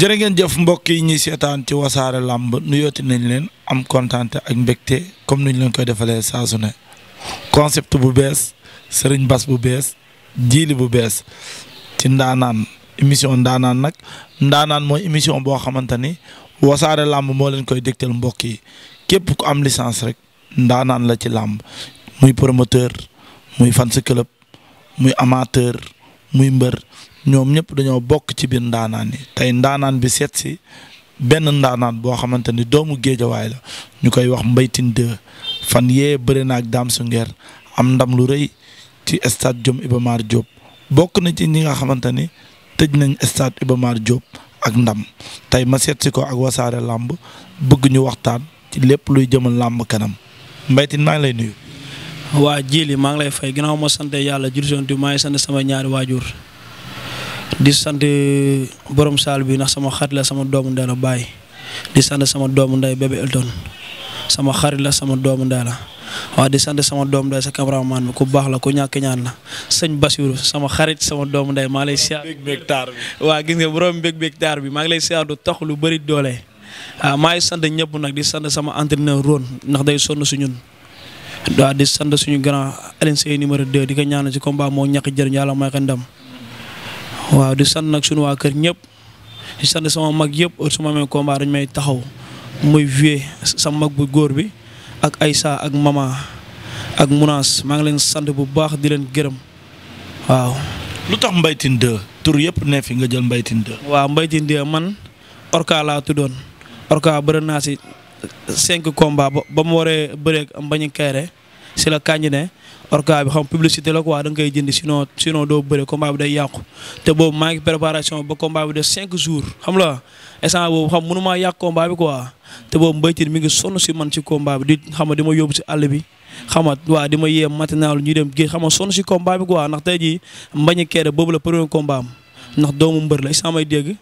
jërë ngeen jëf mbokk yi ñuy seetaan ci wasaare làmb nuyooti nañ leen am kontaan ak mbégte comme nuñ leen koy defalee saa su concept bu bees sëriñ bas bu bees jiili bu bees ci ndaanaan émission ndaanaan nag ndaanaan mooy émission boo xamante ni wasaare làmb moo leen koy dégtal mbokk yi képp ku am licence rek ndaanaan la ci làmb muy promoteur muy fans club muy amateur muy mbër ñoom ñëpp dañoo bokk ci biir ndaanaan yi tey ndaanaan bi seet si benn ndaanaan boo xamante ni doomu géejawaay la ñu koy wax mbaytin Tine fan yee bëri na ak Dame Sunger am ndam lu rëy ci stade Jom Iba Mar bokk na ci ñi nga xamante ni tëj nañ stade Iba Mar ak ndam tey ma seet ko ak wasaare làmb bëgg ñu waxtaan ci lépp luy jëmal làmb kanam Mbaye Tine maa lay nuyu. waa jili maa ngi lay fay ginnaaw ma sant yàlla jur maa ngi sant sama ñaari waajur. di sant borom saal bi nax sama xarit la sama doomu ndey la Baye di sant sama doomu ndey bébé sama xarit la sama doomu ndey la waaw di sant sama doomu ndey sa cameraman bi ku baax la ku ñàkk ñaan la sëñ Basiru sama xarit sama doomu ndey maa lay. siyaar bëgg-bëgg borom bëgg-bëgg taar bi maa lay siyaar tax lu bëri doole waaw maa ngi sant ñëpp nag di sant sama entraîneur Ron ndax day sonn su ñun. waaw di sant suñu grand Alioune Seye numéro 2 di ko ñaanal ci combat moo ñàkk jël yàlla may ndam waaw di sant nag sunu waa ñëpp di sant sama mag yëpp su ma amee combat may taxaw muy vieux sama mag bu góor bi ak Aïssa ak mama ak Mounas maa ngi leen sant bu baax di leen gërëm waaw. lu tax Mbaye Tine 2 tur yëpp ne fi nga jël Mbaye Tine 2. man orka laa tuddoon orka bëri naa si cinq combats ba mu waree bëreeg am kayre si la kañ ne orga bi xam publicité la quoi da nga koy jënd sinon sinon doo bëre combat bi day te boobu maa ngi préparation ba combat bi de xam la instant boobu xam mënumaa yàq combat bi quoi te boobu mi ngi sonn si man si combat bi di xam nga di ma yóbbu si àll bi xam nga waaw di ma yee matinal ñu dem géej xam nga sonn si combat bi quoi ndax tey jii mbañ keere boobu la premier kombaam am ndax doomu mbër la instant may dégg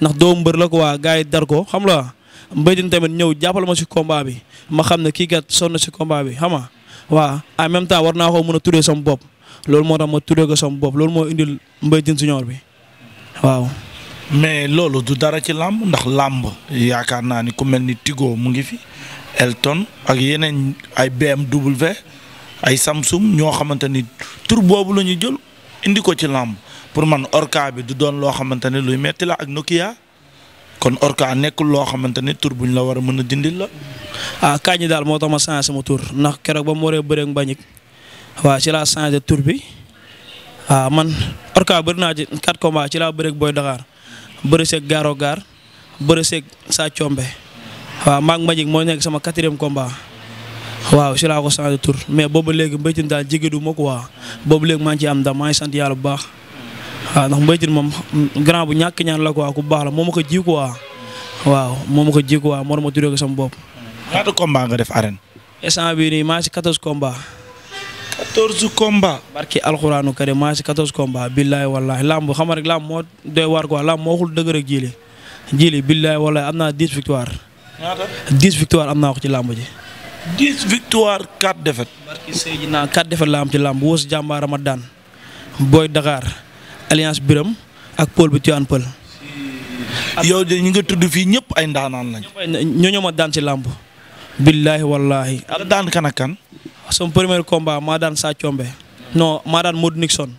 ndax doomu mbër la quoi gars yi dar ko xam la mbaytin tamit ñëw jàppal ma si combat bi ma xam na kii kat sonn si combat bi xamaa waaw en même temps war naa koo mën a tuddee sama bopp loolu moo tax ma tuddee ko sama bopp loolu moo indil Mbaye Diène Junior bi waaw. mais loolu du dara ci làmb ndax làmb yaakaar naa ni ku mel ni Tigo mu ngi fi Elton ak yeneen ay BMW ay Samsung ñoo xamante ni tur boobu la ñu jël indi ko ci làmb pour man orca bi du doon loo xamante ni luy metti la ak Nokia. kon orca nekkul loo xamante ne tur buñ la war a mën a dindil la. ah kañ daal moo tax ma changé sama tur ndax keroog ba mu waree bëreeg mbañik waa ci laa changé tur bi a ah, man orca bëri naa ci quatre combats ci laa bëreeg Boy Dakar bëri seeg Garo Gar bëri seeg Sa Thiombe moo nekk sama quatrième combat. waaw changé tur mais boobu léegi mbéytin daal jigéen du ma quoi boobu léegi maa ngi ciy am ndam maa yàlla bu baax. waaw ndax Mbaye Tine moom grand bu ñàkk ñaan la quoi ku baax la moo ma ko ji quoi waaw moo ma ko ji quoi moo ma tuddee ko sama bopp. ñaata combat nga def arène. instant bii nii maa si 14 combats. 14 combats. barki alxuraanu karim maa si 14 combats billahi wallahi lamb xam rek lamb moo doy waar quoi lamb moo waxul dëgg rek jiili jiili billahi wallahi am naa 10 victoire. ñaata 10 victoire am naa ko ci lamb ji. 10 victoire 4 défaites. barki Seydina 4 défaites la am ci lamb wóosu jàmbaar Ramadan booy Dakar. alliance biram ak Paul bu Tivaouane Peulh. yow de ñi nga tudd fii ñëpp ay ndaanaan lañ. ñooñu ma daan ci làmb. billaahi wallaahi. ala daan kan premier combat maa daan Sa Thiombe. non maa daan Modou Nixon.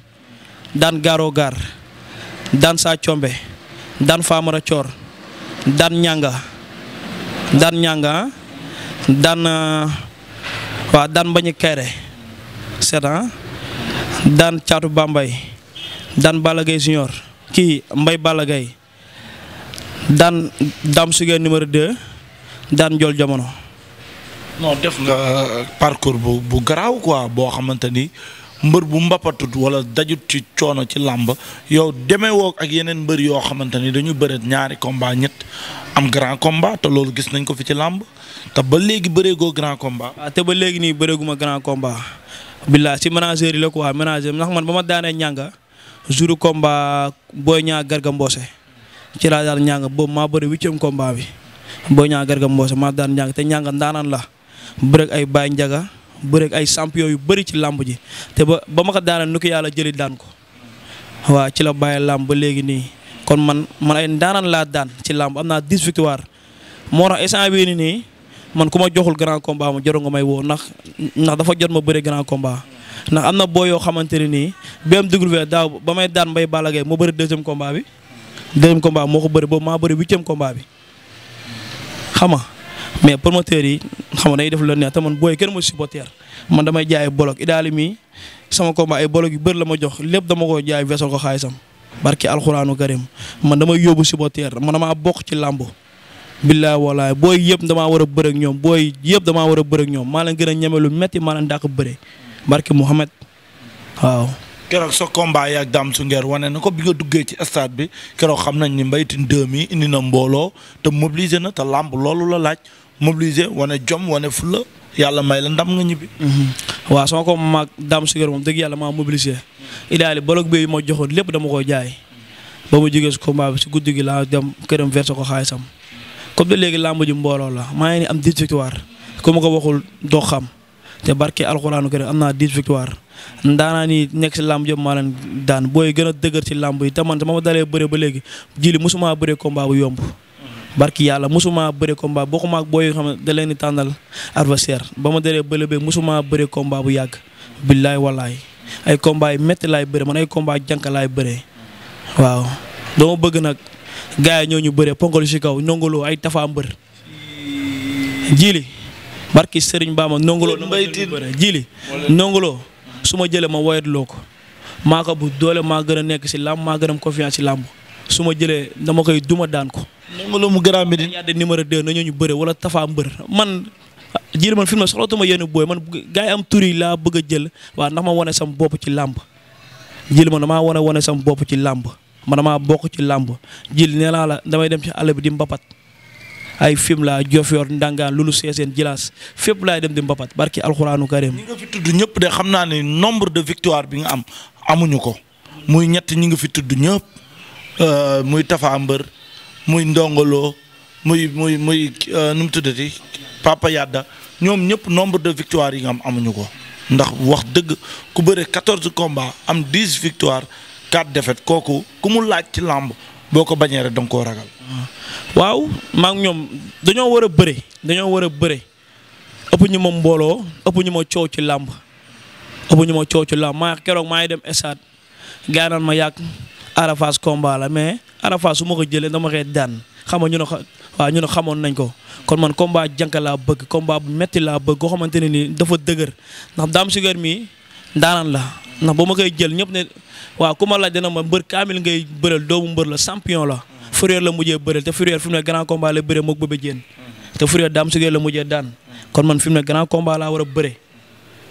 daan Garo Gar. daan Sa Thiombe. daan Famara Thior. daan Ñanga. daan Ñanga ah. daan ah, waa daan Mbañi Kayre. c'est ah. daan Caatu Bambay. daan Balla Gaye junior kii Mbaye Balla daan Dame Suguer numéro 2 daan jool Jamono. non def nga euh, parcours bu bu garaaw quoi boo xamante ni mbër bu mbappatut wala dajut ci coono ci làmb yow demeewoo ak yeneen mbër yoo xamante ni dañu bëreet ñaari combat ñett am grand combat te loolu gis nañ ko fi ci làmb te ba léegi bëreegoo grand combat. te ba léegi nii bëreeguma grand combat. billaay ci manager yi la quoi manager ndax man ba ma daanee ñànga jour combat Boy Niang Garga Mbossé ci laa daan ñàng boobu maa bëri bi Boy Niang Garga Mbossé maa daan ñàng te ñàng ndaanaan la bërek ay Baye Ndiaga bërek ay champion yu bëri ci làmb ji te ba ba ma ko daanaan nu ko yàlla jëli daan ko waaw ci la bàyyi làmb ba léegi nii kon man man ay ndaanaan laa daan ci làmb am naa dix victoire moo tax instant bii nii man ku ma joxul grand combat ma jarul nga may woo ndax ndax dafa jot ma bëri grand combat. ndax am na boo yoo xamante ne nii BMW daaw ba may daan mbay Balla Gaye moo bëri deuxième combat bi deuxième combat moo ko bari boobu maa bari huitième combat bi xam nga mais promoteur yi xam nga day def lu neex te man booy kenn mooy supporter man damay jaay i daal mii sama combat ay bolok yu bari la ma jox lépp dama ko jaay vesal ko xaalisam barki alxuraanu karim man damay yóbbu teer man damaa bokk ci làmb billaay walaay booy yëpp damaa war a bëre ñoom booy yëpp damaa war a bëre ak ñoom maa leen gën a ñeme lu metti maa leen dàq barki Mouhamed waaw. keroog sa combat ak Dame Souguer wane na ko bi nga duggee ci stade bi keroog xam nañ ni Mbaye Tine 2 mi indi na mbooloo te mobiliser na te làmb loolu la laaj mobiliser wane jom wane fula yàlla may la ndam nga ñibbi. Mhm. waaw sama combat ak Dame Souguer moom dëgg yàlla maa mobiliser. idaali bolo bi ma joxoon lépp dama ko jaay. ba mu jógee si combat bi si guddi gi laa dem këram verse ko xaalisam. comme de léegi làmb ji mbooloo la maa ngi am 10 victoire ku ma ko waxul dox xam. te barke alxuraanu kër am naa 10 victoire ndaanaa ni nekk si làmb yëpp maa leen daan booy gën a dëgër ci làmb yi te man sama dalee bëre ba léegi jili mosuma bëre combat bu yomb barki yàlla mosuma bëre combat bokkuma ak booy yoo ba ma dalee bële beeg mosuma bëre combat bu yàgg billaay wallaay ay combat yu métti laay bëre man ay combat jànk laay waaw dama bëgg nag gars yi ñoo ñu bëree ponkal si kaw nongoloo ay tafa mbër jili barki Serigne Bamba nongolo nu ma jëlee jili nongolo su ma jëlee ma woyatloo ko maa ko bu doole maa gën a nekk si làmb maa gën a confiance si làmb su ma jëlee dama koy duma daan ko. nongolo mu gëraam bi di. yàdde numéro 2 nañu ñu bëre wala tafaa mbër man jili man fi ma soxlatuma yenn booy man gars yi am tur yi laa bëgg a jël waa ndax ma wane sam bopp ci làmb jili man damaa wane wane sam bopp ci làmb man damaa bokk ci làmb jili nee naa la damay dem ci àll bi di mbapat. ay Fimela Diofior Ndangaan Loulou Sessène Djilass fépp laay dem di mbapat barki alxuraanu karim ñi nga fi tudd ñëpp de xam naa ne nombre de victoire bi nga am amuñu ko muy ñett ñi nga fi tudd ñëpp euh, muy Tafa Mbër muy Ndongolo muy muy muy euh, nu mu tuddati Papa Yadda ñoom ñëpp nombre de victoire yi nga am amuñu ko ndax wax dëgg ku bëre 14 combats am 10 victoire 4 défaites kooku ku mu laaj ci làmb boo ko bañee rek da nga koo ragal. waaw maa ñoom dañoo war a bëre dañoo war a bëre ëpp ñu ma mbooloo ëpp ñu ma coow ci làmb ëpp ñu coow ci làmb maa keroog maa ngi dem estade gaa ma yàgg Arafas combat la mais Arafas su ma ko jëlee dama koy daan xam nga ñu ne waaw ñu ne xamoon nañ ko kon man combat jànk laa bëgg combat bu metti laa bëgg koo xamante ne nii dafa dëgër ndax daam sigar mii daanaan la ndax ba ma koy jël ñëpp ne waaw ku ma laaj ma mbër kaamil ngay bëreel doomu mbër la champion la Fourrière la mujjee bëreel te Fourrière fi mu ne grand combat la bëree moog Bébé Diène te daan kon man fi mu ne grand combat laa war a bëre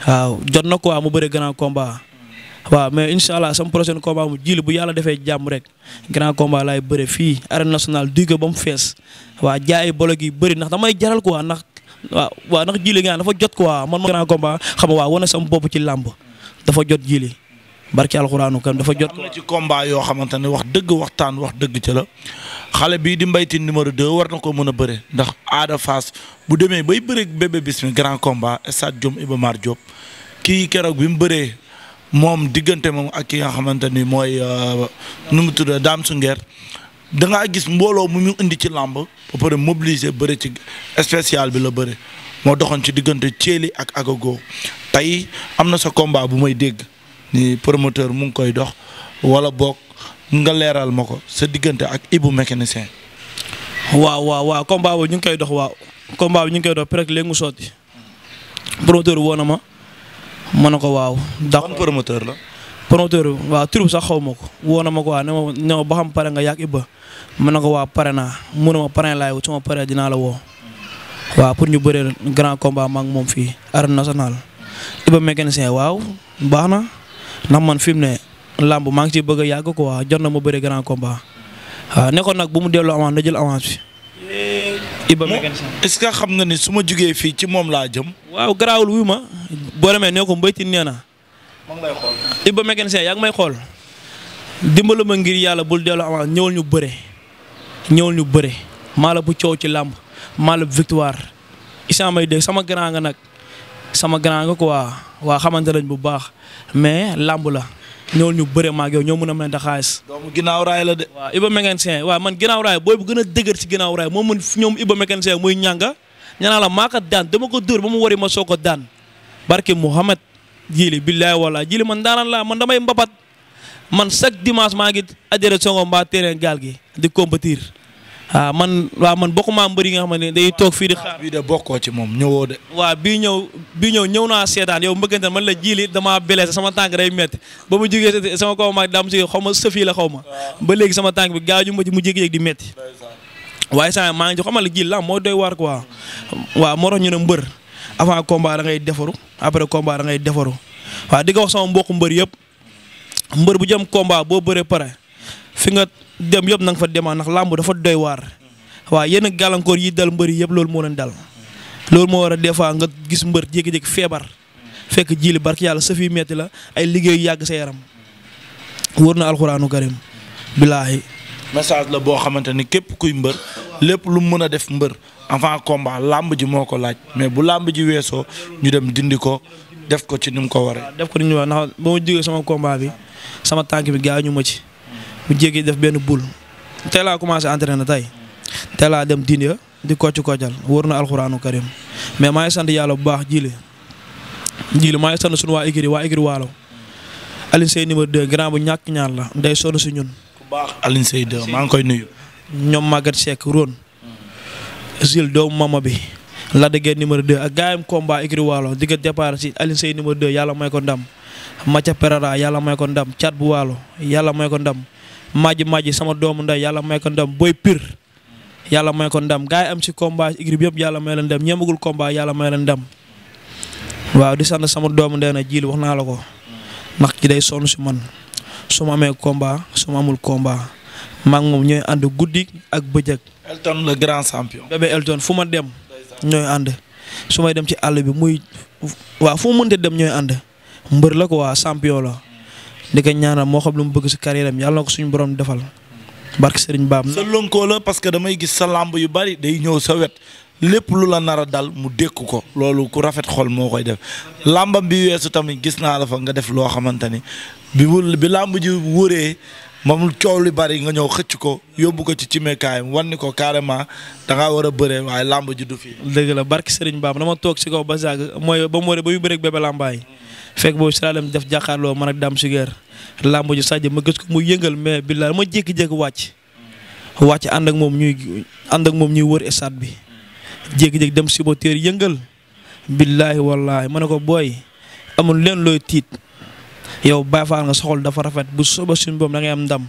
waaw jot na quoi mu bëre grand combat waaw mais incha allah sama prochain combat mu jili bu yàlla defee jàmm rek grand combat laay bëre fii arène national duy ko ba mu fees waa jaay bolo yi bëri ndax damay jaral ko ndax waaw waaw ndax jili nga dafa jot quoi man ma grand combat xam nga waaw wane sama ci làmb dafa jot jili barki alxuraanu kam dafa jot. am ci combat yoo xamante ne wax dëgg waxtaan wax dëgg ca la xale bii di mbayti numéro 2 war na ko mën a bëre ndax Ada fas bu demee bay bëre bébé bismi grand combat stade Jom Iba Mar Diop kii keroog bi mu bëree moom diggante moom ak ki nga xamante ni mooy euh, nu mu tudd daam Sungeer da ngaa gis mbooloo mu ñu indi ci làmb ba pare mobiliser bëre ci spécial bi la bëre moo doxoon ci diggante Thiély ak Agogo tey am na sa combat bu may dégg ni promoteur mu ngi koy dox wala boog nga leeral ma ko sa diggante ak Ibou mécanicien. waaw waaw waaw combat boobu ñu ngi koy dox waaw combat bi ñu ngi koy dox presque léegi mu sotti promoteur woo na ma ma ne ko waaw. ndax ban la. promoteur waaw tur bi sax xaw ma ko woo na ma ko waa ne ma xam pare nga yàgg Ibou ma ne ko waa pare naa mu ne ma pare laay wut su ma dinaa la woo. waaw pour ñu bëree grand combat ma ak moom fii arène national Iba mécanicien waaw baax na ndax man fi mu ne làmb maa ngi ciy bëgg a yàgg quoi jot na ma mu bëri grand combat waaw nekkoon nag bu mu delloo avance na jël avance bi. Eh, Iba mécanicien est-ce que xam nga ni su ma jugee fii ci moom laa jëm. waaw garaawul wu ma boo demee ne ko mbéyti nee na. maa ngi lay may xool. dimbalu ma ngir yàlla bul delloo avance ñëwul ñu bëre ñëwul ñu bëre maa la bu coow ci làmb maa la victoire. Issa may dégg sama grand nga nag sama grand nga quoi waa xamante lañ bu baax mais làmb la ñëwul ñu bëre ma ak yow ñoo mën a mën a xaalis. doomu ginnaaw raay la de. waaw Iba mécanicien waaw man ginnaaw raay booy bu gën a dëgër ci ginnaaw raay moom man ñoom Iba mécanicien muy ñànga ñanaa la maa daan dama ko dóor ba mu wari ma soo ko daan barke Mouhamed jili billaay wala jili man daanaan laa man damay mbapat man chaque dimanche maa ngi adhéré songo mbaa terrain gaal gi di compétir waaw ah, man waaw man bokkuma mbër yi nga xam ne day toog fii di xaar bii de bokkoo ci moom ñëwoo de waaw bii ñëw bii ñëw ñëw naa seetaan yow mbëggante man la jiili damaa blessé sama tànk day métti ba mu jógee sama kaw maag dam si xaw ma sëfi la xaw ma ba léegi sama tànk bi gaañu ma ci mu jékki-jékki di métti waaye saa maa ngi ci xamal la jiil la moo doy war ko waaw moo tax ñu ne mbër avant kombaa da ngay defaru après combat da ngay defaru waaw di ko wax sama mbokku mbër yëpp mbër bu jëm combat boo bëree pare fi nga dem yëpp nanga fa demaa ndax làmb dafa doy waar waa yenn gàllankoor yi dal mbëri yëpp loolu moo leen dal loolu moo war a des fois nga gis mbër jékki-jékki feebar fekk jiili barki yàlla sa fi metti la ay liggéeyu yàgg sa yaram wër na alxuraanu karim bilaahi message la boo xamante ni képp kuy mbër lépp lu mën a def mbër avant combat làmb ji moo ko laaj mais bu làmb ji weesoo ñu dem dindi ko def ko ci ni ko waree. def ko ni ñu war ndax ba ma jógee sama combat bi sama tànk bi gaañu ma ci bu jékki def benn boule tey laa commencé entraîné tey tey laa dem diine di kocc koccal wër na alxuraanu karim mais maa sant yàlla bu baax jili jili maa ngi suñu waa Ikiri waa Ikiri waalo Alioune Seye numéro 2 grand bu ñàkk ñaar la day sonn si ñun. ku baax Alioune Seye maa ngi koy nuyu. ñoom Maguette Seck Rhone. Zil doomu mama bi. la déggee numéro 2 ak gaayam combat Ikiri waalo di nga départ si Alioune Seye numéro 2 yàlla may ko ndam Mathia Perera yàlla may ko ndam caat bu waalo yàlla may ko ndam. majji majji sama doomu nday yàlla may ko ndam boy pir yàlla may ko ndam gars yi am si combat si équipe yëpp yàlla may leen ndam ñemagul komba yàlla may leen ndam waaw di sant sama doomu ndey na jiil wax naa la ko ndax ci day son si man su ma amee combat su ma amul combat maa ngi ñooy ànd guddi ak bëccëg. Elton le grand champion. bébé Elton fu ma dem. ñooy ànd su may dem ci àll bi muy waaw fu mu mënte dem ñooy ànd mbër la ko waa champion la. di ko ñaanal moo xam lu mu bëgg si carrière am yàlla na ko suñu borom defal barke Serigne baam sa lënkoo la parce que damay gis sa làmb yu bari day ñëw sa lépp lu la nar a dal mu dékku ko loolu ku rafet xol moo koy def làmbam bi weesu tamit gis naa la fa nga def loo xamante ni bi wul bi làmb ji wëree moom coow li bari nga ñëw xëcc ko yóbbu ko ci cimekaayam wan ni ko carrément da war a bëree waaye làmb ji du fi. dëgg la barke Serigne Bab dama toog si kaw ba zàgg mooy ba mu wëree ba yu bëreeg bébé làmbaay fekk boobu si a dem def jàkkaarloo man ak Dame Sugar làmb ji Sadio ma gis ko mu yëngal mais billaay ma jékki-jékki wàcc wàcc ànd ak moom ñuy ànd ak moom ñuy wër stade bi jékki-jékki dem supporter yëngal billahi wallahi ma ne ko booy amul leen looy tiit yow Baye Fall nga soxol dafa rafet bu soba suñu boom da ngay am ndam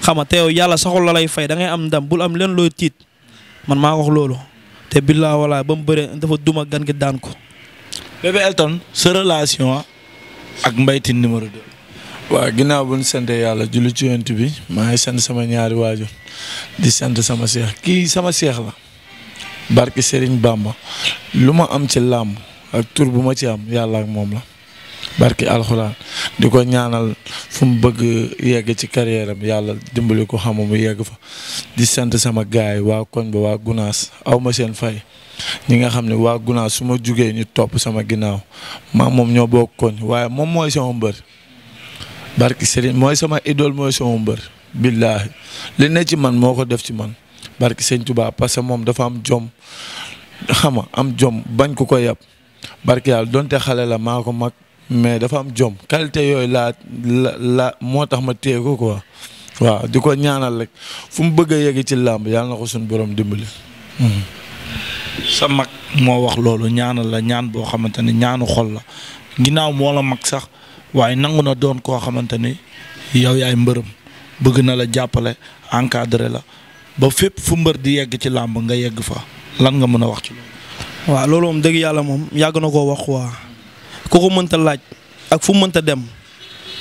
xam nga te yow yàlla soxol la lay fay da ngay am ndam bul am leen looy tiit man maa wax loolu te billahi wallahi ba mu bëree dafa duma gan gi daan ko. bébé Elton sa relation ak mbayti Tine numéro 2. waaw ginnaaw bu ñu sant yàlla julli ci yonent bi maa ngi sant sama ñaari waajur di sant sama seex kii sama seex la barki sëriñ bàmba lu ma am ci làmb ak tur bu ma ci am yàlla ak moom la barki alxuraan di ko ñaanal fu mu bëgg yegg ci carrière am yàlla dimbali ko xamamu yegg fa di sant sama gaay waa koñ ba waa Gunaas aw ma seen fay. ñi nga xam ne waa Gunaas su jugee ñu topp sama ginnaaw maa moom ñoo bokk koñ waaye moom mooy sama mbër barki Serigne mooy sama idole mooy sama mbër billaahi li ne ci man moo ko def ci man barki Sëñ tubaab parce que moom dafa am jom xama am jom bañ ko ko yab barki yàlla donte xale la maa ko mag mais dafa am jom qualité yooyu laa moo tax ma téye ko quoi waaw di ko ñaanal rek fu mu bëgg a yegg ci làmb yàlla na ko suñu borom dimbali. Hmm. sa mag moo wax loolu ñaanal la ñaan boo xamante ne ñaanu xol la ginnaaw moo la mag sax waaye nangu na doon koo xamante ni yow yaay mbërëm bëgg na la jàppale encadré la ba fépp fu mbër di yegg ci làmb nga yegg fa lan nga mën a wax ci loolu. waaw moom dëgg yàlla moom yàgg na koo wax waa ku ko mënta laaj ak fu mënta dem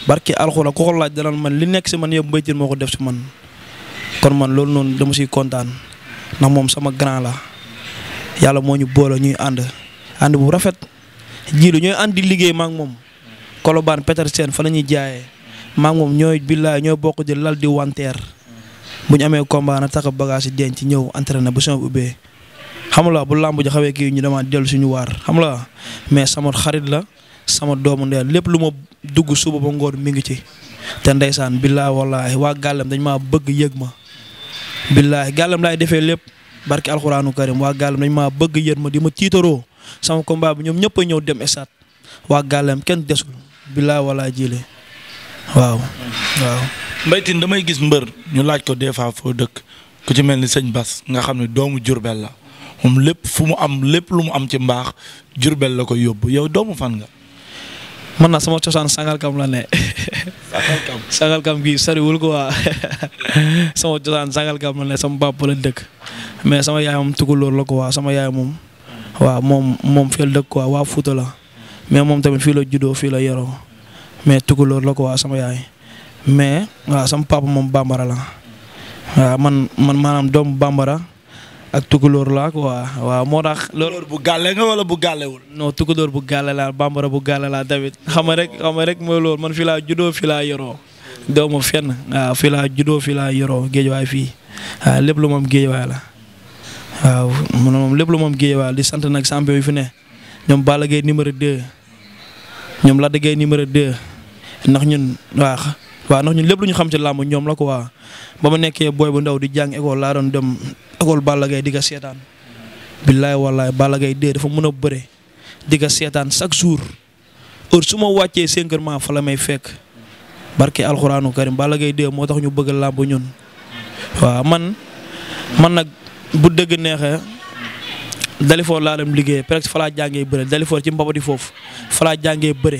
barki alxuraan ku ko laaj danañ man li nekk si man yëpp mbaytin moo ko def si man kon man loolu noonu dama siy kontaan ndax moom sama grand la. yàlla moo ñu boole ñuy ànd ànd bu rafet jiilu ñooy ànd di liggéey maak moom Colobane Petersen fa la ñuy jaayee maak moom ñooy billaay ñooy bokk di lal di wanteer bu ñu amee combat na takk bagage yi ci ñëw entraîné bu sama ubbee xam la bu làmb ji xawee ki ñu dama dellu suñu waar xam la mais sama xarit la sama doomu ndeyal lépp lu ma dugg suba ba ngoon mi ngi ci te ndeysaan billaahi wallaahi waa gàllam dañ maa bëgg yëg ma billaahi gàllam laay defee lépp. barki alxuraanu karim waa gàllam dañ maa bëgg yéen ma di ma tiitaroo sama combat bi ñoom ñëpp a ñëw dem stade waa gàllam kenn desul bilaa wala jiile waaw. waaw Mbaye damay gis mbër ñu laaj ko des fois foo dëkk ku ci mel ni sëñ Bas nga xam ne doomu Jurbel la moom lépp fu mu am lépp lu mu am ci mbaax Jurbel la ko yóbbu yow doomu fan nga. man na sama cosaan Sangalkam la ne. Sangalkam Sangalkam ko waa sama cosaan Sangalkam la ne sama bàpp la dëkk. mais sama yaay moom tukulóor la waa sama yaay moom waaw moom moom fii la dëkk quoi waa Fuuta la mais moom tamit fii la juddoo fii la yoroo mais tukulóor la quoi sama yaay mais waaw sama papa moom bambara la waaw man man maanaam doomu bambara ak tukulóor la quoi waaw moo tax. loolu bu gàlle nga wala bu gàllewul. non tukulóor bu gàlle laa bambara bu gàlle laa tamit xam nga rek xam nga man fii laa judoo fii laa yoroo. doomu fenn waaw fii laa judoo fii laa yoroo géej waay fii waaw lépp lu moom géej waay la. waaw man moom lépp lu moom Guédiawaye di sant nag champion yi fu ne ñoom Balla Gaye numéro 2 ñoom Lac de numéro 2 ndax ñun waaw waaw ndax ñun lépp lu ñu xam si làmb ñoom la quoi ba ma nekkee booy bu ndaw di jàng école laa doon dem école Balla Gaye di ko seetaan. billaay wallaay Balla Gaye 2 dafa mën a bëre di ko seetaan chaque jour heure su ma wàccee cinq heures fa la may fekk barke alxuraanu karim Balla gay 2 moo tax ñu bëgg làmb ñun waaw man man nag. bu dëgg neexee Dalifor laa dem liggéey presque falaa jàngee bëre Dalifor ci di foofu fa laa jàngee bëre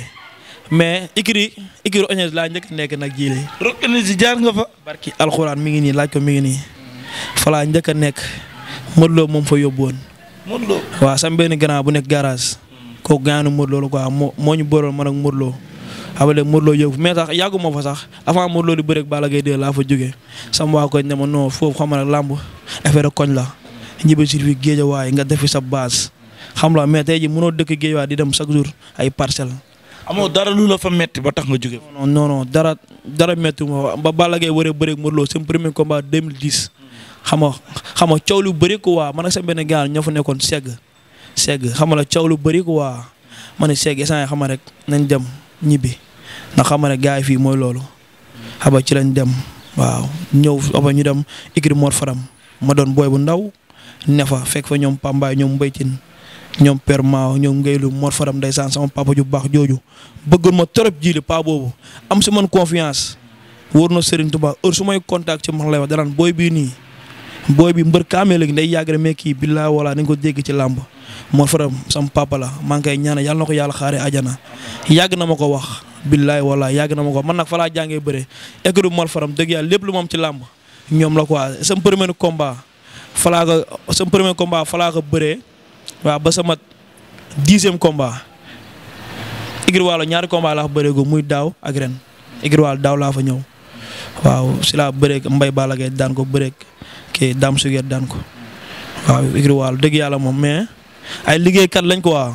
mais Ikri Ikri Oñez laa nekk nag jii lii. Rock Énergie jaar nga fa. alxuraan mi ngi nii laaj ko mi ngi nii falaa laa njëkk a nekk Modou Lo moom fa yóbbu woon. Modou Lo bu nekk garage. kooku gaañu Modou Lo la moo ñu booroon ma ak Modou xamale Modou Lo yëg mais sax yàgguma fa sax avant Modou Lo di bëreeg Balla laa fa jógee sama waa koñ ne ma non foofu xam nga làmb affaire koñ la ñibbi si géejawaay nga defi sa base xam la mais tey ji mënoo dëkk géejawaay di dem chaque jour ay parcelles. amoo dara lu la fa metti ba tax nga jóge non non dara dara metti ma ba Balla Gaye waree bëreeg Modou Lo seen premier combat 2010 xam nga xam nga coow lu bëri ko waa man ak sa benn gars ñoo fa nekkoon segg segg xam nga la coow lu bëri ko ma ne segg instant yi xam rek nañ dem. ñibbi ndax xam nga ne gars yi fii mooy loolu xaba ci lañ dem waaw ñëw aba ñu dem Ikri Mor Faram ma doon booy bu ndaw ne fa fekk fa ñoom Pambaay ñoom mbaytin ñoom Père Mao ñoom Ngéylu Mor Faram ndeysaan sama papa ju baax jooju bëggoon ma trop jiili pa boobu am si man confiance wóor na Serigne Touba heure su may contact ci man lay wax danaan booy bii nii booy bi mbër kaamee léegi day yàgg rek mais kii billaa wala nañ ko dégg ci làmb Mor Fadam sama papa la maa ngi koy ñaanal yàlla na ko yàlla xaari àjjana yàgg na ma ko wax billaay wallaay yàgg na ma ko man nag fa jàngee bëre écurie Mor Fadam dëgg yàlla lépp lu moom ci làmb ñoom la quoi sama premier combat fa ko sama premier combat fa laa ko bëree waaw ba sama dixième combat écurie Walo ñaari combat laa fa gu muy daaw ak ren écurie Walo daaw laa fa ñëw waaw si laa bëree mbay Balla Gaye daan ko bëree kii Dame Suguer daan ko waaw écurie Walo dëgg yàlla moom ay liggéeykat lañ quoi.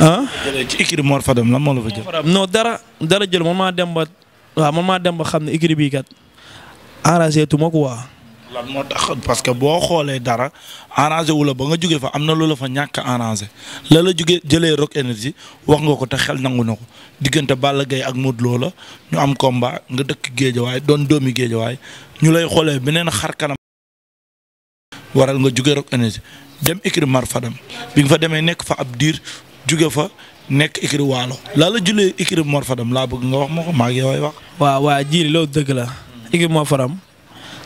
ah. ci écurie Mor Fadam lan moo la fa jël. non dara dara jël man ma dem waa waaw man maa dem ba xam ne écurie bii kat arrangé tuma ko waa lan moo tax parce que boo xoolee dara arrangé wu ba nga jógee fa am na lu fa ñàkk a arrangé la la jógee jëlee Rock Énergie wax nga ko te xel nangu na ko diggante Balla Gaye ak Modou loola ñu am combat nga dëkk waaye doon doomi géejawaay ñu lay xoolee beneen xar kanam waral nga jógee Rock Énergie dem écurie mar fadam bi nga fa demee nekk fa ab diir jóge fa nekk écurie waalo laa la julee écurie mar fadam laa bëgg nga wax ma ko maa ngi yow ay wax. waaw waaw jiili loolu dëgg la. écurie mar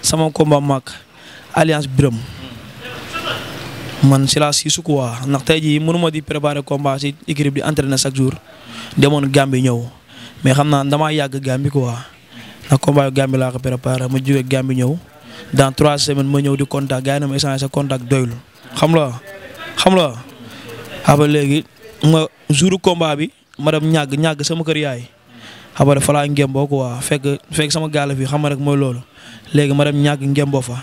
sama combat mag alliance biram man si laa siisu quoi ndax te jii mënuma di préparer combat si écurie bi di na chaque jour demoon Gambie ñëw mais xam naa damaa yàgg Gambie quoi ndax combat yu Gambie laa ko préparer mu jóge Gambie ñëw dans trois semaines ma ñëw di contact gars yi na ma échanger xam la xam la xaba léegi ma jour combat bi ma dem ñàgg ñàgg sama kër yaay xaba dafa laa ngemboo quoi fekk fekk sama gaale fi xam nga rek mooy loolu léegi ma dem ñàgg ngemboo fa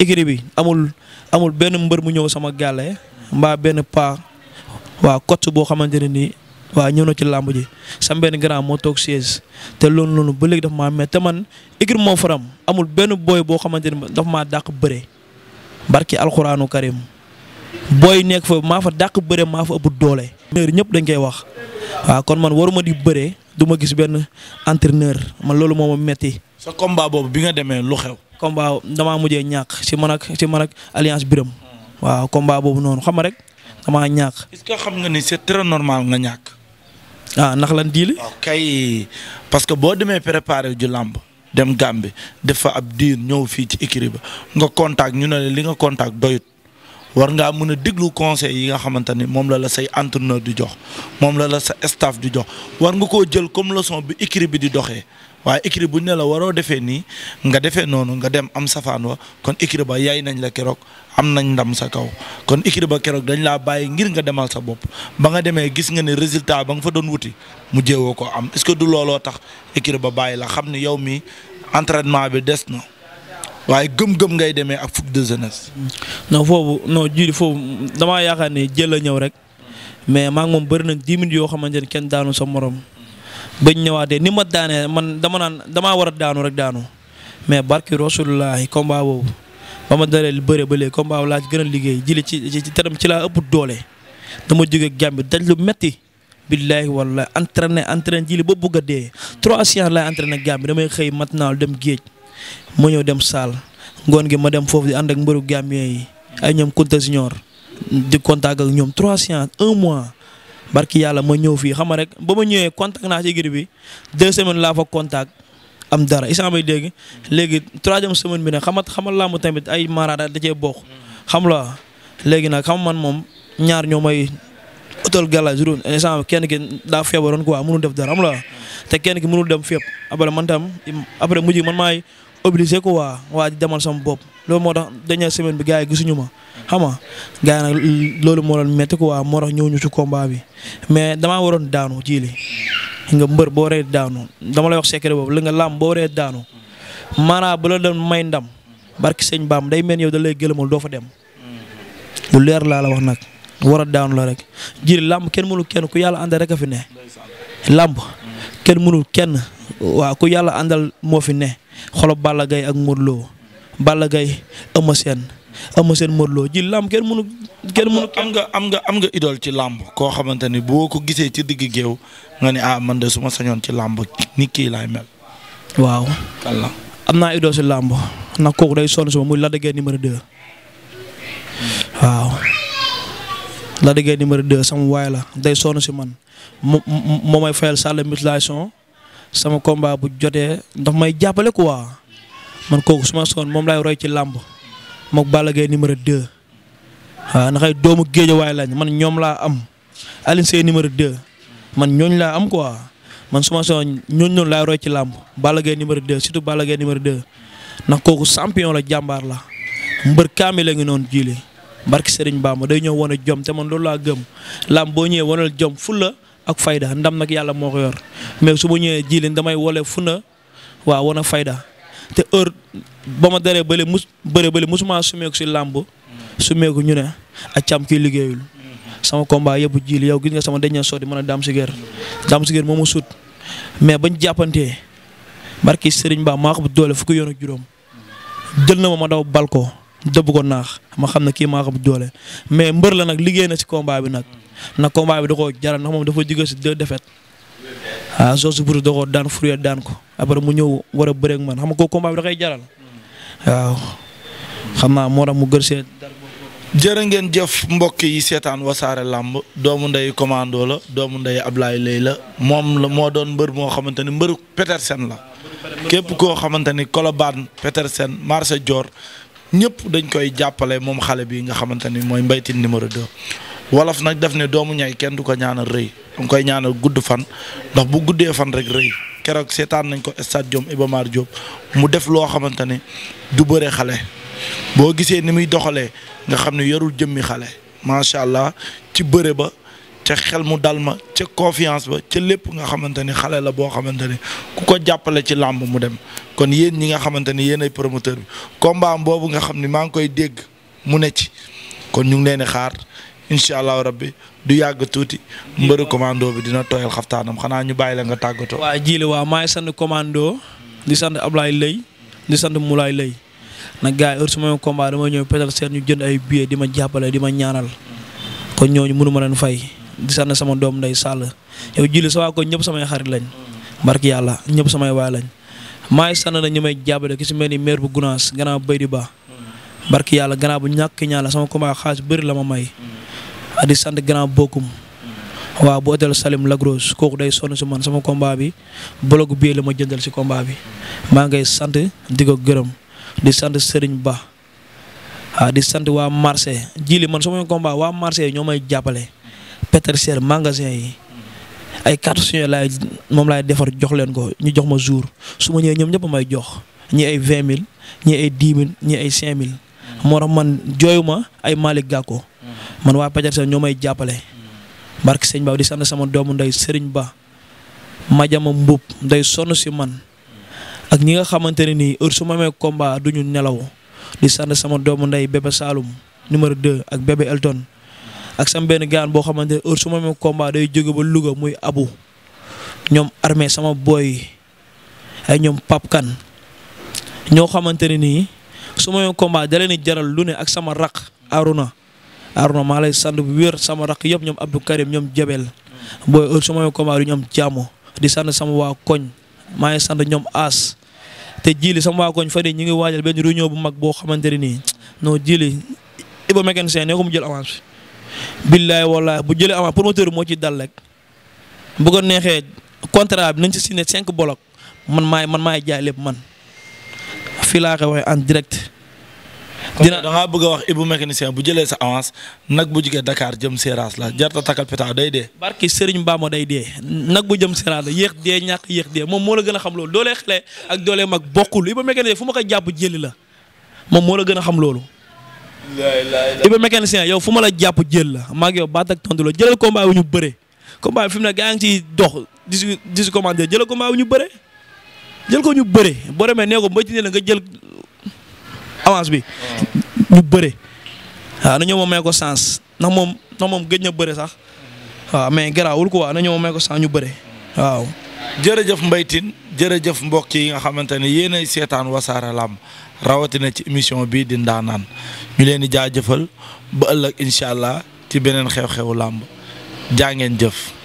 écurie bi amul amul benn mbër mu ñëw sama gaale mbaa benn paa waa coach boo xamante ne nii waa ñëw na ci làmb ji sam benn grand moo toog siège te loolu noonu ba léegi dafa maa met te man écurie moo faram amul benn boy boo xamante ne dafa maa dàq bëre barki alxuraanu karim booy nekk fa maa fa dàq bëre maa fa ëpp doole. ñëpp dañ koy wax waaw kon man waruma di bëree du ma gis benn entraîneur man loolu moo ma metti. sa combat boobu bi nga demee lu xew. combat damaa mujjee si man si man ak biram waaw combat boobu noonu xam nga rek damaa ñàkk. est xam nga ni c'est très normal nga ñàkk. ah ndax lan diili. Ah, kay parce que boo demee préparer ju làmb dem Gambie def fa ab diir ñëw fii ci écurie ba nga contact ñu ne li nga contact doyut. war ngaa mun a déglu conseil yi nga xamante ni moom la la say entraîneur di jox moom la la sa staff di jox war nga koo jël comme le leçon bi équipe bi di doxee waaye équipe bu ñu ne la waroo defee nii nga defee noonu nga dem am safaan wa kon équipe ba yaay nañ la keroog am nañ ndam sa kaw kon équipe ba keroog dañ laa bàyyi ngir nga demal sa bopp ba nga demee gis nga ne résultat ba nga fa doon wuti mu jéewoo ko am est-ce que du looloo tax équipe ba bàyyi la xam ne yow mii entraînement bi des na. waaye gëm-gëm ngay demee ak foot de jeunesse. non foofu non jiitu foofu damaa yaakaar ne jël la ñëw rek mais maa moom bëri nañ dix yoo xamante ne kenn daanu sa morom bañ ñëwaatee ni ma daanee man dama naan damaa war a daanu rek daanu mais barki rasulullahi combat boobu ba ma dalee bëre ba léegi combat boobu laa ci gën a liggéey jili ci ci teram ci laa ëpp doole dama jóge Gàmbi daj lu metti billahi wallahi entraîné entraîné jili ba bugga a dee trois séances laay entraîné Gàmbi damay xëy matinal dem géej ma ñëw dem saal ngoon gi ma dem foofu di ànd ak mbëru Gambien yi ay ñoom Kunta Junior di contact ak ñoom trois séances un mois barki yàlla ma ñëw fii xam rek ba ma ñëwee contact naa ci gir bi deux semaines laa fa contact am dara isa may dégg léegi troisième semaine bi na xamat xamal laa mu tamit ay maraada da cee bokk xam la léegi nag xam man moom ñaar ñoo jiital gàllaaj su doon instant kenn ki daa feebaroon quoi mënul def dara am la te kenn ki mënul dem fépp après man tam après mujj man maay obligé quoi waa di demal sam bopp loolu moo tax dernière semaine bi gars yi gisuñu ma xam nga gars yi loolu moo metti métti waa moo tax ñëw ñu ci combat bi mais damaa waroon daanu jiili nga mbër boo waree daanu dama lay wax secret boobu li nga làmb boo waree daanu maanaam bu la doon may ndam barki sëñ baam day mel yow da lay doo fa dem war a daanu rek jiri làmb kenn mënul kenn ku yàlla àndal a fi ne làmb kenn mënul kenn waaw ku yàlla àndal moo fi ne xolo Balla gay ak Modou Lo gay Gaye Eumeu Sène Eumeu Sène Modou Lo jiri làmb kenn mënul kenn mënul am nga am nga am ci làmb koo xamante ni boo ko gisee ci digg géew nga ni ah man de su sañoon ci làmb ni kii laay mel waaw am naa idole ci làmb ndax kooku day sonn suma muy Lac de Guiers numéro 2 Lac de numéro 2 sama waay la day sonn si man mu moo may fayal salle sama combat bu jotee ndax may jàppale quoi man kooku su ma sonn moom laay roy ci làmb mook Balla numéro 2. waaw ndax ay doomu géejawaay lañ man ñoom laa am Alioune numéro 2 man ñooñu laa am quoi man su ma sonn ñooñu noonu laay roy ci làmb bala Gaye numéro 2 surtout Balla Gaye numéro 2 ndax kooku sampion la jàmbaar la mbër kaamil la ngi noonu jiile. barki Serigne Bamba day ñëw wane jom te man loolu laa gëm làmb boo ñëwee wanal jom fulla ak fayda ndam nag yàlla moo ko yor mais su ma ñëwee ji leen damay wole fu na waa wana fayda te heure ba ma daree bële mus bëre bële musuma sumeeku si làmb sumeeku ñu ne ak cam kii liggéeyul sama combat yëpp jiili yow gis nga sama dañu sotti mën a daam si gër daam si gër moo ma sut mais bañ jàppantee barki Serigne Ba maa ko bu doole fukki yoon juróom jël na ma ma daw bal ko dëbb ko naax ma xam ne kii mais mbër la nag liggéey na si bi nag nag combat bi da koo jaral ndax ah, ko mu ñëw war a bëreeg man xam nga ko ngeen jëf mbokk yi seetaan wasaare doomu ndey commando la doomu ndey Ablaye Leye la moom la moo doon mbër moo xamante ni mbëru Petersen la képp koo xamante ni Colobane Petersen marché Dior ñëpp dañ koy jàppale moom xale bi nga xamante ni mooy Mbaye Tine numéro 2. wolof nag def ne doomu ñay kenn du ko ñaanal rëy danga koy ñaanal gudd fan ndax bu guddee fan rek rëy keroog seetaan nañ ko stade Diom Iba Mar Diop mu def loo xamante ne du bëre xale boo gisee ni muy doxalee nga xam ne yarul jëmmi xale macha allah ci bëre ba. ca xel mu dal ma ca confiance ba ca lépp nga xamante ni xale la boo xamante ni ku ko jàppale ci làmb mu dem kon yéen ñi nga xamante ni yéen ay promoteur bi combat am boobu xam ni maa ngi koy dégg mu ne ci kon ñu ngi leen di xaar incha allahu rabbi du yàgg tuuti mbëru commando bi dina tooyal xaftaanam xanaa ñu bàyyi la nga tàggatoo. waa jiile waa maa sant commando di sant Ablaye Lay di sant Moulay Lay na gars yi heure su ma combat dama ñëw petal seen ñu jënd ay billets di ma jàppale di ma ñaanal ko ñooñu mënu ma leen fay. di sànni sama doom nday sàll yow jili sa waa ko ñëpp samay xarit lañ barki yàlla ñëpp samay waay lañ maa ngi sànn na ñu may jàppale ki si mel ni maire bu Gunaas gannaaw bay di ba barki yàlla gannaaw bu ñàkk ñaala sama combat xaalis bëri la ma sant gannaaw bokkum waaw bu hôtel Salim kooku day sonn si man sama combat bi bologu bii la ma jëndal si combat bi maa ngay sant di ko gërëm di sant Serigne Ba di sant waa marché jili man sama combat waa marché ñoo may jàppale pétricelle magasin yi ay carte signé laay moom laay defar jox leen ko ñu jox ma jour su ma ñëwee ñoom ñëpp may jox ñi ay vingt mille ñi ay dix mille ñi ay cinq mille moo tax man jooyuma ay Malick Gakou man waa pétricelle ñoo may jàppale barke sëñ Ba di sant sama doomu ndey Serigne Ba Madiama Mbuub day sonn si man ak ñi nga xamante ne nii heure su ma amee combat du ñu nelaw di sant sama doomu ndey Bébé Saloum numéro 2 ak Bébé Elton ak sama benn gaan boo xamante ne heure su ma amee day jóge ba Louga muy abu ñoom armée sama booy ay ñoom Pape ñoo xamante ne nii su ma amee combat da leen jaral lu ne ak sama raq Aruna Aruna maa lay sant bu wér sama raq yëpp ñoom Abdou Karim ñoom Jabel booy heure su ma amee combat du am di sant sama waa koñ maa ngi sant ñoom As te jili sama waa koñ fa de ñu ngi waajal benn réunion bu mag boo xamante ne nii noo jili Iba mécanicien ne ko mu jël billaay wallaay bu jëlee avance promoteur moo ci dal rek bu ko neexee contrat bi nañ ci signé cinq bloc man maay man maay jaay lépp man fii laa koy waxee en direct. dina da ngaa bëgg a wax Ibou mécanicien bu jëlee sa avance nag bu jugee dakaar jëm Seras la jarta takkal pétaaw day dee. barki Serigne Mbamo day dee nag bu jëm Seras la yéex dee ñàkk yéex dee moom moo la gën a xam loolu doolee xale ak doolee mag bokkul Ibou mécanicien fu ma ko jàpp jëli la moom moo la gën a xam loolu. Iba mécanicien yow fu ma la jàpp jël la maag yow baat ak tontu la jëlal combat wu ñu bëre combat bi fi mu ne gaa ngi ciy dox di si di si commandé jëlal combat wu ñu bëre jël ko ñu bëre boo demee nee ko ba ci ne nga jël bi ñu bëre waaw na ñoo ma may ko sens ndax moom ndax moom gëj na bëre sax waaw mais garaawul quoi na ñoo ma may ñu bëre waaw jërëjëf jërëjëf mbokk yi nga xamante ne yéenay seetaan wasaare làmb rawatina ci émission bii di ndaanaan ñu leen di jaajëfal ba ëllëg incha allah ci beneen xew xew làmb jaa ngeen jëf.